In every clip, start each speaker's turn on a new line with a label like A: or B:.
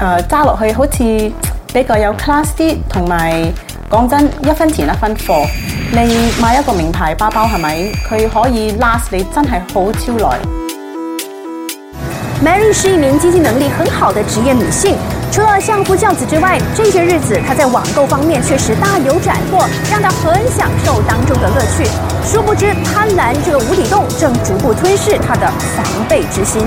A: Uh, 揸落去好似比較有 class 啲，同埋講真一分錢一分貨，你買一個名牌包包係咪佢可以 last 你真係好超耐。
B: Mary 是一名經濟能力很好的職業女性，除了相夫教子之外，這些日子她在網購方面確實大有斬獲，讓她很享受當中的樂趣。殊不知，貪婪這個無底洞正逐步吞噬她的防備之心。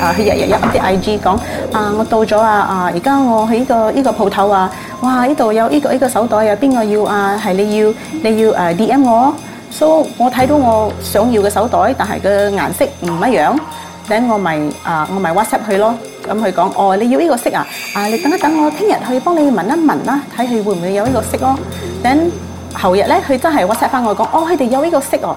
A: 啊！佢日日有啲 I G 講啊，我到咗啊啊！而家我喺呢個呢個鋪頭啊，哇！呢度有呢個呢個手袋啊，有邊個要啊？係你要你要誒 D M 我，so 我睇到我想要嘅手袋，但係個顏色唔一樣，等我咪啊我咪 WhatsApp 佢咯，咁佢講哦，你要呢個色啊？啊，你等一等，我聽日去幫你聞一聞啦，睇佢會唔會有呢個色咯。等後日咧，佢真係 WhatsApp 翻我講，哦，佢
B: 哋有呢個色哦。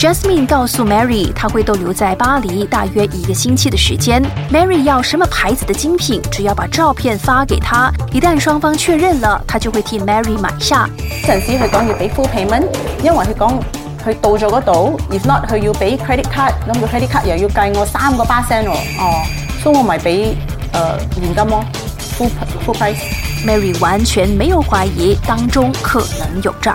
B: Jasmine 告訴 Mary，她會逗留在巴黎大約一個星期的時間。Mary 要什麼牌子的精品，只要把照片發給她。一旦雙方確認了，她就會替 Mary 買下。上次佢講要俾 full payment，因為佢講
A: 佢到咗嗰度，if not 佢要俾 credit card，咁個 credit card 又要計我三個 percent
B: 哦，所以我咪俾誒現金咯，full full payment。Mary 完全沒有懷疑當中可能有詐。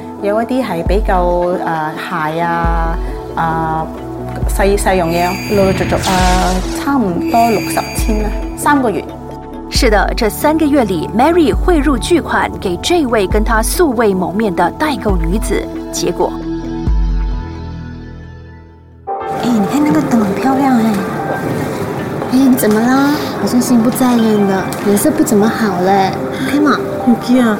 A: 有一啲係比較誒鞋、呃、啊，誒細細樣嘢，陸陸續續誒差唔
B: 多六十千啦，三個月。是的，這三個月裏，Mary 匯入巨款給這位跟她素未謀面的代購女子，結果……誒、哎，你看那個燈好漂亮誒、哎！誒、哎，你怎麼啦？好像心不在焉的，顏色不怎麼好嘞。e m m a 啊！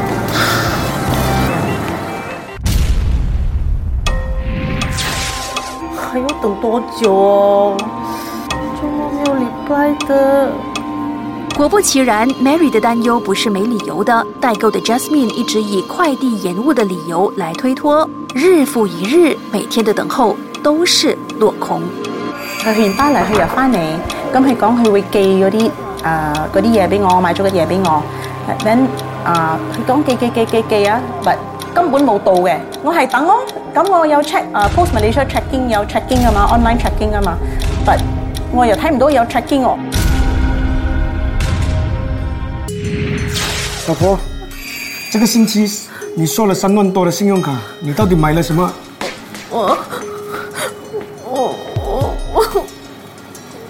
B: 多久哦？周末沒有禮拜的。果不其然，Mary 的擔憂不是沒理由的。代購的 Jasmine 一直以快遞延誤的理由來推脱，日復一日，每天的等候都是落空。佢去完巴黎，佢又翻嚟，咁佢講佢
A: 會寄嗰啲誒嗰啲嘢俾我，買咗嘅嘢俾我，呃，咁。啊，佢講寄寄寄寄寄啊，根本冇到嘅，我係等囉，咁我有 check 啊、uh，Post Malaysia tracking 有 checking 嘛，online tracking 噶嘛，But 我又睇唔到有 checking 我。哦。
B: 老婆，這個星期你刷了三萬多的信用卡，你到底買了什麼？我我我我我。我我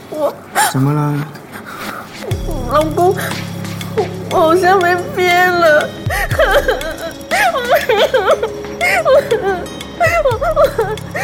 B: 我我怎麼啦？老公，我，我好像沒。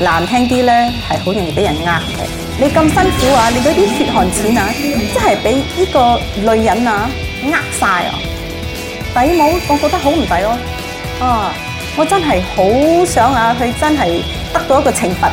A: 難聽啲呢，係好容易俾人呃嘅。你咁辛苦啊，你嗰啲血汗錢啊，真係俾呢個女人啊呃晒啊，抵冇？我覺得好唔抵咯、啊。啊，我真係好想啊，佢真係得到一個懲罰。